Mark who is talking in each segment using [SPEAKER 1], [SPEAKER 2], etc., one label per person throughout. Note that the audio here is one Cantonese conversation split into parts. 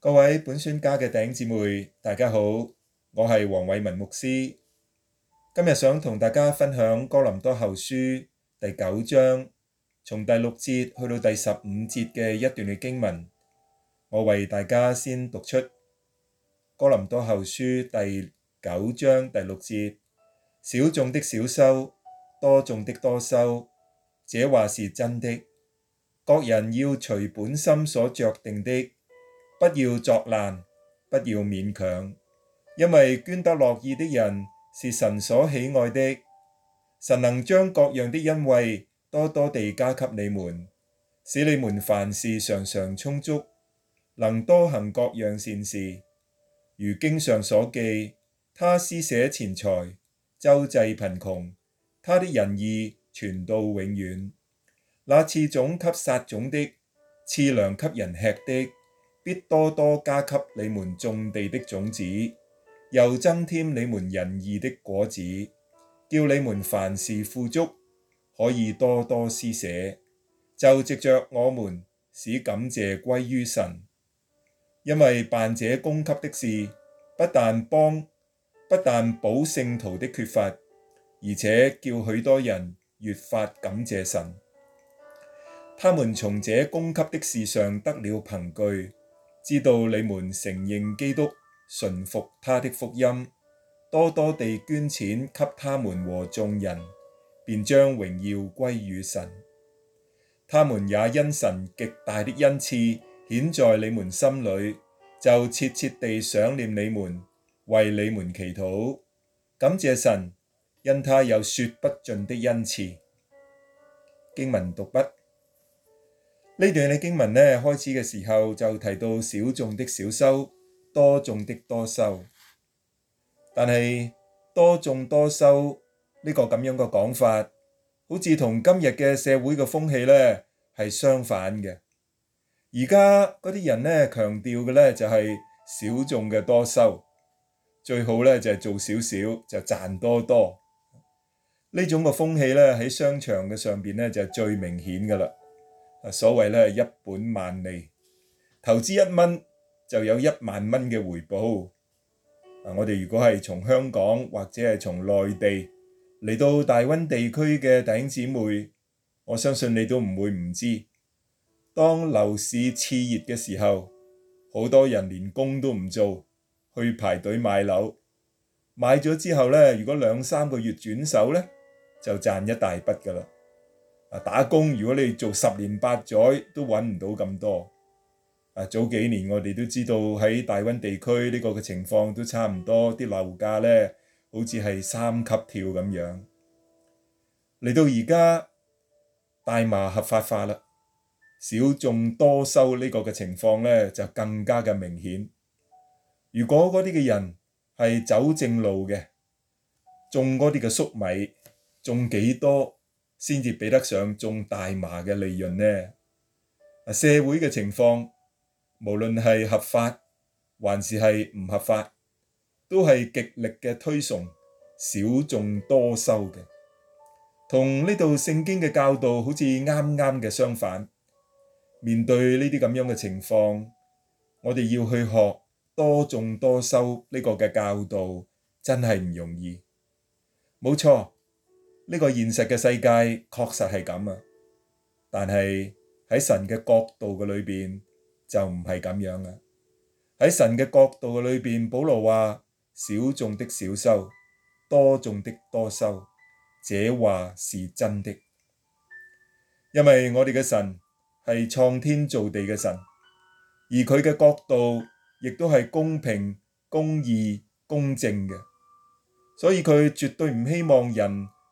[SPEAKER 1] 各位本宣家嘅頂姊妹，大家好，我係黃偉文牧師。今日想同大家分享哥林多後書第九章從第六節去到第十五節嘅一段嘅經文。我為大家先讀出哥林多後書第九章第六節：少種的少收，多種的多收，這話是真的。各人要隨本心所酌定的。不要作難，不要勉強，因為捐得樂意的人是神所喜愛的。神能將各樣的恩惠多多地加給你們，使你們凡事常常充足，能多行各樣善事。如經上所記，他施捨錢財，周濟貧窮，他的仁義傳到永遠。那賜種給撒種的，賜糧給人吃的。必多多加給你們種地的種子，又增添你們仁義的果子，叫你們凡事富足，可以多多施捨。就藉着我們，使感謝歸於神，因為辦這供給的事，不但幫不但補聖徒的缺乏，而且叫許多人越發感謝神。他們從這供給的事上得了憑據，知道你們承認基督、順服他的福音，多多地捐錢給他們和眾人，便將榮耀歸於神。他們也因神極大的恩賜顯在你們心裏，就切切地想念你們，為你們祈禱。感謝神，因他有說不盡的恩賜。經文讀畢。呢段嘅經文咧，開始嘅時候就提到少種的少收，多種的多收。但係多種多收呢個咁樣嘅講法，好似同今日嘅社會嘅風氣咧係相反嘅。而家嗰啲人咧強調嘅咧就係少種嘅多收，最好咧就係做少少就賺多多。呢種嘅風氣咧喺商場嘅上邊咧就係最明顯㗎喇。所謂咧一本萬利，投資一蚊就有一萬蚊嘅回報。啊，我哋如果係從香港或者係從內地嚟到大溫地區嘅弟兄姊妹，我相信你都唔會唔知。當樓市熾熱嘅時候，好多人連工都唔做，去排隊買樓。買咗之後呢，如果兩三個月轉手呢，就賺一大筆㗎啦。打工如果你做十年八載都揾唔到咁多。啊，早幾年我哋都知道喺大溫地區呢個嘅情況都差唔多，啲樓價呢好似係三級跳咁樣。嚟到而家大麻合法化啦，少種多收呢個嘅情況呢就更加嘅明顯。如果嗰啲嘅人係走正路嘅，種嗰啲嘅粟米種幾多？先至比得上種大麻嘅利潤呢？社會嘅情況，無論係合法還是係唔合法，都係極力嘅推崇。少種多收嘅，同呢度聖經嘅教導好似啱啱嘅相反。面對呢啲咁樣嘅情況，我哋要去學多種多收呢個嘅教導，真係唔容易。冇錯。呢個現實嘅世界確實係咁啊，但係喺神嘅角度嘅裏邊就唔係咁樣啦。喺神嘅角度嘅裏邊，保羅話：少種的少收，多種的多收。這話是真的，因為我哋嘅神係創天造地嘅神，而佢嘅角度亦都係公平、公義、公正嘅，所以佢絕對唔希望人。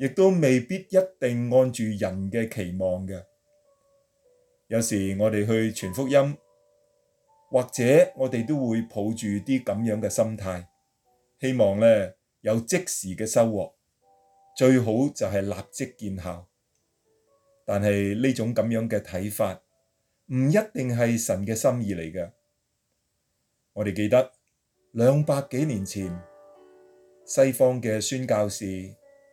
[SPEAKER 1] 亦都未必一定按住人嘅期望嘅，有時我哋去傳福音，或者我哋都會抱住啲咁樣嘅心態，希望呢有即時嘅收穫，最好就係立即見效。但係呢種咁樣嘅睇法，唔一定係神嘅心意嚟嘅。我哋記得兩百幾年前西方嘅宣教士。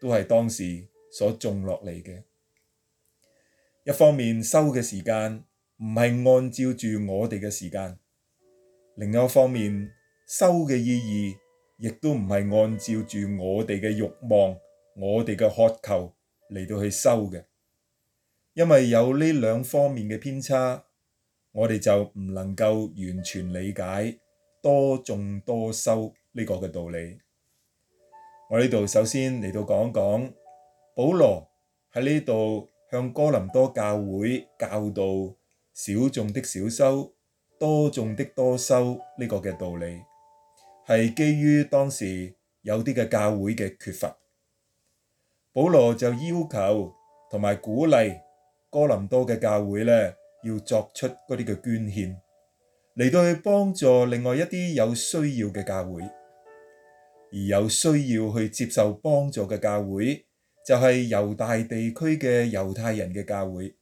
[SPEAKER 1] 都係當時所種落嚟嘅。一方面收嘅時間唔係按照住我哋嘅時間；另一方面收嘅意義亦都唔係按照住我哋嘅慾望、我哋嘅渴求嚟到去收嘅。因為有呢兩方面嘅偏差，我哋就唔能夠完全理解多種多收呢個嘅道理。我呢度首先嚟到講講，保羅喺呢度向哥林多教會教導少種的少收，多種的多收。呢個嘅道理，係基於當時有啲嘅教會嘅缺乏。保羅就要求同埋鼓勵哥林多嘅教會呢，要作出嗰啲嘅捐獻，嚟到去幫助另外一啲有需要嘅教會。而有需要去接受幫助嘅教會，就係猶大地區嘅猶太人嘅教會，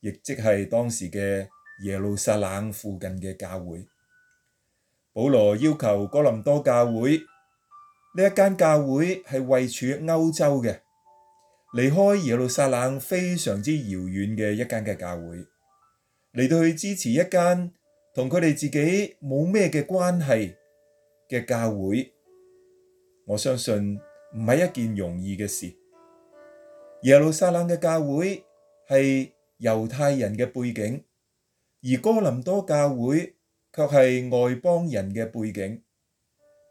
[SPEAKER 1] 亦即係當時嘅耶路撒冷附近嘅教會。保羅要求哥林多教會呢一間教會係位處歐洲嘅，離開耶路撒冷非常之遙遠嘅一間嘅教會嚟到去支持一間同佢哋自己冇咩嘅關係嘅教會。我相信唔係一件容易嘅事。耶路撒冷嘅教會係猶太人嘅背景，而哥林多教會卻係外邦人嘅背景。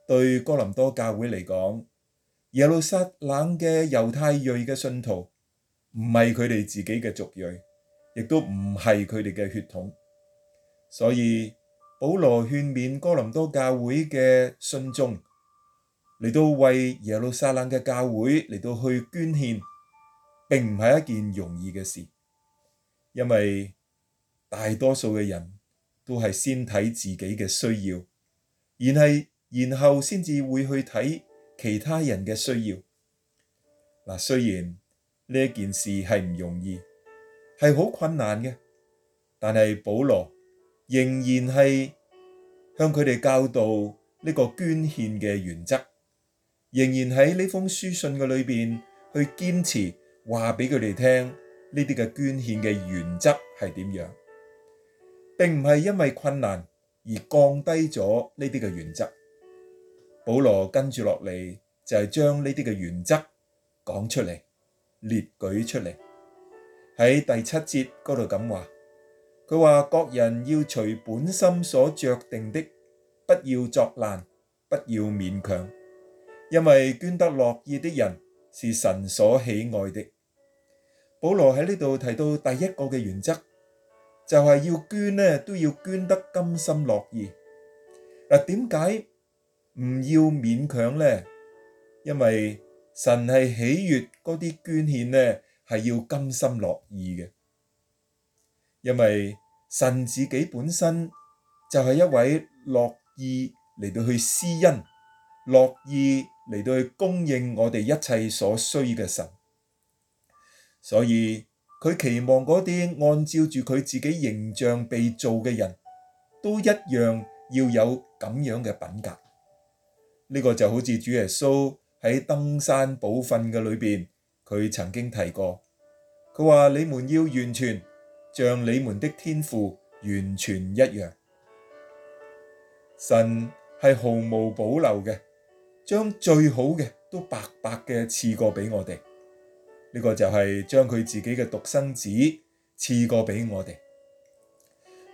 [SPEAKER 1] 對哥林多教會嚟講，耶路撒冷嘅猶太裔嘅信徒唔係佢哋自己嘅族裔，亦都唔係佢哋嘅血統。所以保羅勸勉哥林多教會嘅信眾。嚟到為耶路撒冷嘅教會嚟到去捐獻，並唔係一件容易嘅事，因為大多數嘅人都係先睇自己嘅需要，然係然後先至會去睇其他人嘅需要。嗱，雖然呢一件事係唔容易，係好困難嘅，但係保羅仍然係向佢哋教導呢個捐獻嘅原則。仍然喺呢封書信嘅裏邊去堅持話俾佢哋聽呢啲嘅捐獻嘅原則係點樣，並唔係因為困難而降低咗呢啲嘅原則。保羅跟住落嚟就係、是、將呢啲嘅原則講出嚟，列舉出嚟喺第七節嗰度咁話，佢話各人要隨本心所酌定的，不要作難，不要勉強，因為捐得樂意的人,是神所喜愛的。保羅喺呢度提到第一個嘅原則,就係要捐,都要捐得甘心樂意。嗱點解唔要勉強呢?因為神係喜悦嗰啲捐獻係要甘心樂意嘅。因為神自己本身就係一位樂意嚟到去施恩,樂意嚟到去供應我哋一切所需嘅神，所以佢期望嗰啲按照住佢自己形象被造嘅人都一樣要有咁樣嘅品格。呢、這個就好似主耶穌喺登山寶訓嘅裏邊，佢曾經提過，佢話你們要完全像你們的天父完全一樣，神係毫無保留嘅。將最好嘅都白白嘅賜過俾我哋，呢個就係將佢自己嘅獨生子賜過俾我哋。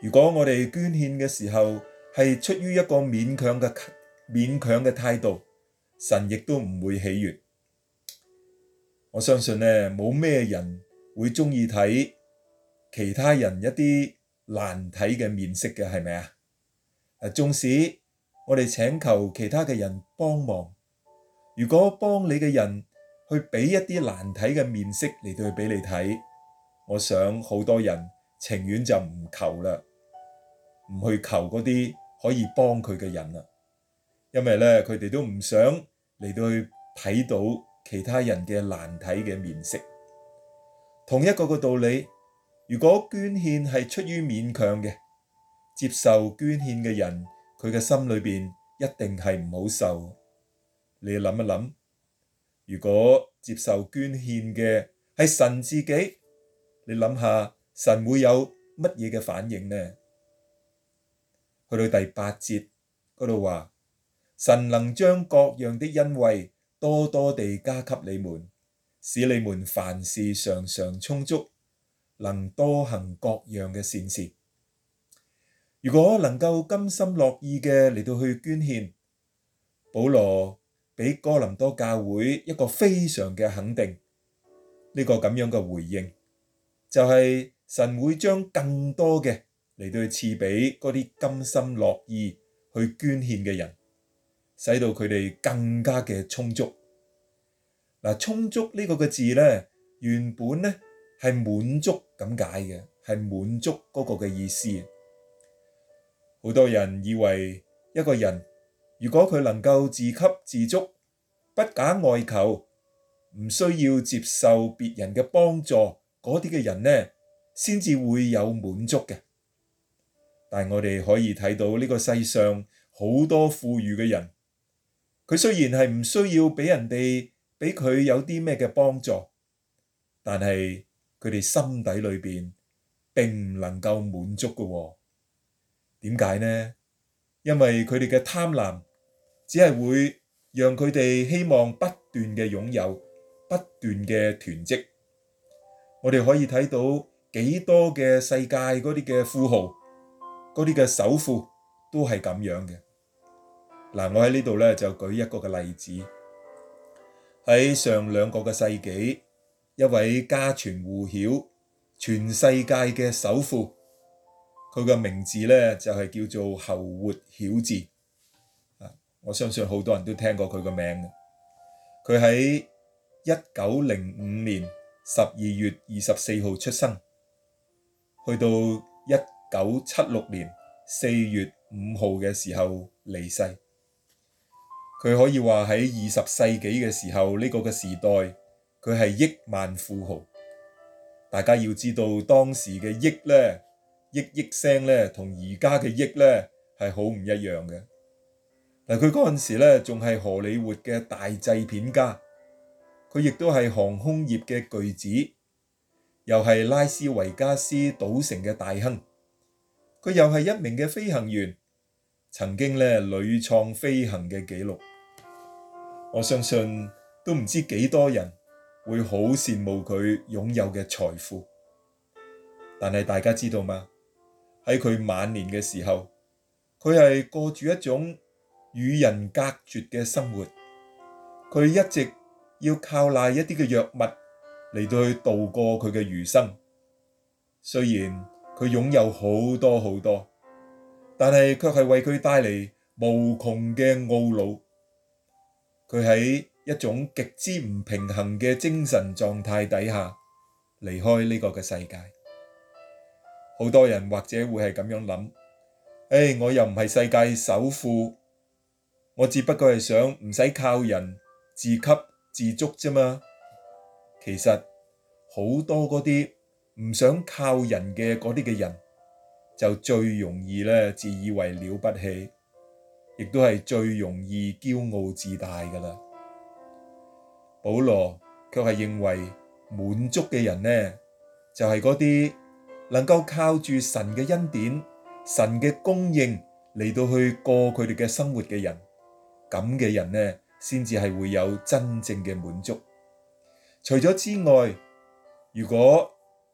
[SPEAKER 1] 如果我哋捐獻嘅時候係出於一個勉強嘅勉強嘅態度，神亦都唔會喜悅。我相信呢，冇咩人會中意睇其他人一啲難睇嘅面色嘅，係咪啊？啊，縱使。我哋請求其他嘅人幫忙。如果幫你嘅人去俾一啲難睇嘅面色嚟到去俾你睇，我想好多人情願就唔求啦，唔去求嗰啲可以幫佢嘅人啦，因為呢佢哋都唔想嚟到去睇到其他人嘅難睇嘅面色。同一個個道理，如果捐獻係出於勉強嘅，接受捐獻嘅人，佢嘅心裏邊一定係唔好受，你諗一諗，如果接受捐獻嘅係神自己，你諗下神會有乜嘢嘅反應呢？去到第八節嗰度話，神能將各樣的恩惠多多地加給你們，使你們凡事常常充足，能多行各樣嘅善事。如果能夠甘心樂意嘅嚟到去捐獻，保羅俾哥林多教會一個非常嘅肯定，呢個咁樣嘅回應，就係神會將更多嘅嚟到去賜俾嗰啲甘心樂意去捐獻嘅人，使到佢哋更加嘅充足。嗱，充足呢個嘅字呢，原本呢係滿足咁解嘅，係滿足嗰個嘅意思。好多人以為一個人如果佢能夠自給自足，不假外求，唔需要接受別人嘅幫助，嗰啲嘅人呢先至會有滿足嘅。但我哋可以睇到呢個世上好多富裕嘅人，佢雖然係唔需要俾人哋俾佢有啲咩嘅幫助，但係佢哋心底裏邊並唔能夠滿足嘅喎、哦。點解呢？因為佢哋嘅貪婪，只係會讓佢哋希望不斷嘅擁有，不斷嘅囤積。我哋可以睇到幾多嘅世界嗰啲嘅富豪，嗰啲嘅首富都係咁樣嘅。嗱，我喺呢度咧就舉一個嘅例子，喺上兩個嘅世紀，一位家傳戶曉、全世界嘅首富。佢個名字呢，就係、是、叫做侯活曉智。我相信好多人都聽過佢個名嘅。佢喺一九零五年十二月二十四號出生，去到一九七六年四月五號嘅時候離世。佢可以話喺二十世紀嘅時候呢、這個嘅時代，佢係億萬富豪。大家要知道，當時嘅億呢。億億聲咧，同而家嘅億咧係好唔一樣嘅。嗱，佢嗰陣時咧仲係荷里活嘅大製片家，佢亦都係航空業嘅巨子，又係拉斯維加斯賭城嘅大亨，佢又係一名嘅飛行員，曾經咧屢創飛行嘅紀錄。我相信都唔知幾多人會好羨慕佢擁有嘅財富，但係大家知道嗎？喺佢晚年嘅時候，佢係過住一種與人隔絕嘅生活。佢一直要靠賴一啲嘅藥物嚟到去度過佢嘅餘生。雖然佢擁有好多好多，但係卻係為佢帶嚟無窮嘅懊惱。佢喺一種極之唔平衡嘅精神狀態底下離開呢個嘅世界。好多人或者會係咁樣諗，誒、哎，我又唔係世界首富，我只不過係想唔使靠人，自給自足啫嘛。其實好多嗰啲唔想靠人嘅嗰啲嘅人，就最容易咧自以為了不起，亦都係最容易驕傲自大㗎喇。保羅卻係認為滿足嘅人呢，就係嗰啲。能夠靠住神嘅恩典、神嘅供應嚟到去過佢哋嘅生活嘅人，咁嘅人呢，先至係會有真正嘅滿足。除咗之外，如果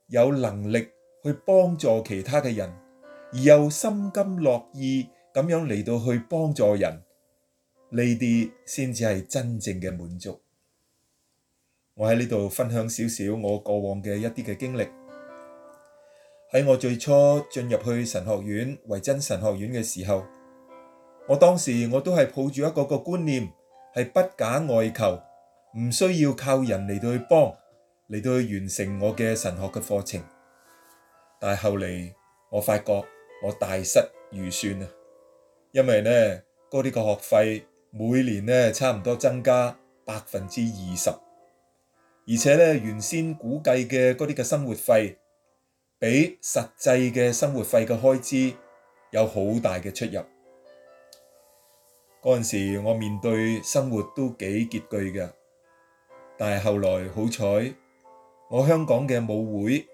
[SPEAKER 1] 有能力去幫助其他嘅人，而又心甘樂意咁樣嚟到去幫助人，呢啲先至係真正嘅滿足。我喺呢度分享少少我過往嘅一啲嘅經歷。喺我最初進入去神學院維真神學院嘅時候，我當時我都係抱住一個個觀念，係不假外求，唔需要靠人嚟到去幫，嚟到去完成我嘅神學嘅課程。但係後嚟我發覺我大失預算啊，因為呢嗰啲嘅學費每年呢差唔多增加百分之二十，而且呢原先估計嘅嗰啲嘅生活費，俾實際嘅生活費嘅開支有好大嘅出入。嗰陣時，我面對生活都幾拮據嘅。但係後來好彩，我香港嘅母會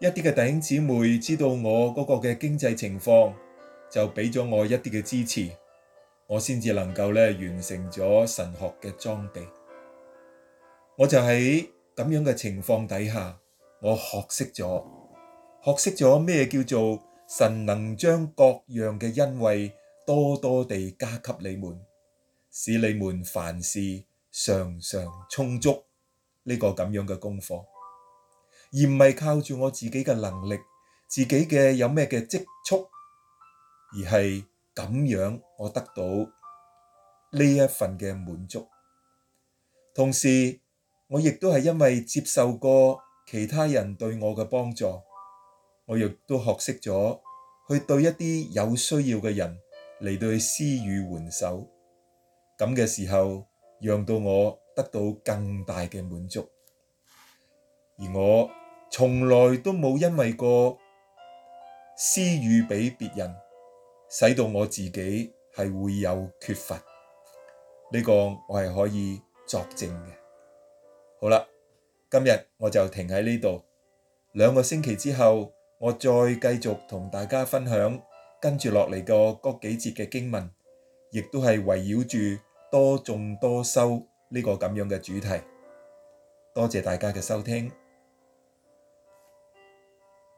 [SPEAKER 1] 一啲嘅弟兄姊妹知道我嗰個嘅經濟情況，就俾咗我一啲嘅支持，我先至能夠咧完成咗神學嘅裝備。我就喺咁樣嘅情況底下，我學識咗。學識咗咩叫做神能將各樣嘅恩惠多多地加給你們，使你們凡事常常充足。呢個咁樣嘅功課，而唔係靠住我自己嘅能力，自己嘅有咩嘅積蓄，而係咁樣我得到呢一份嘅滿足。同時，我亦都係因為接受過其他人對我嘅幫助。我亦都學識咗去對一啲有需要嘅人嚟對施予援手，咁嘅時候讓到我得到更大嘅滿足，而我從來都冇因為過施予俾別人，使到我自己係會有缺乏呢個，我係可以作證嘅。好啦，今日我就停喺呢度，兩個星期之後。我再繼續同大家分享，跟住落嚟個嗰幾節嘅經文，亦都係圍繞住多種多收呢個咁樣嘅主題。多謝大家嘅收聽。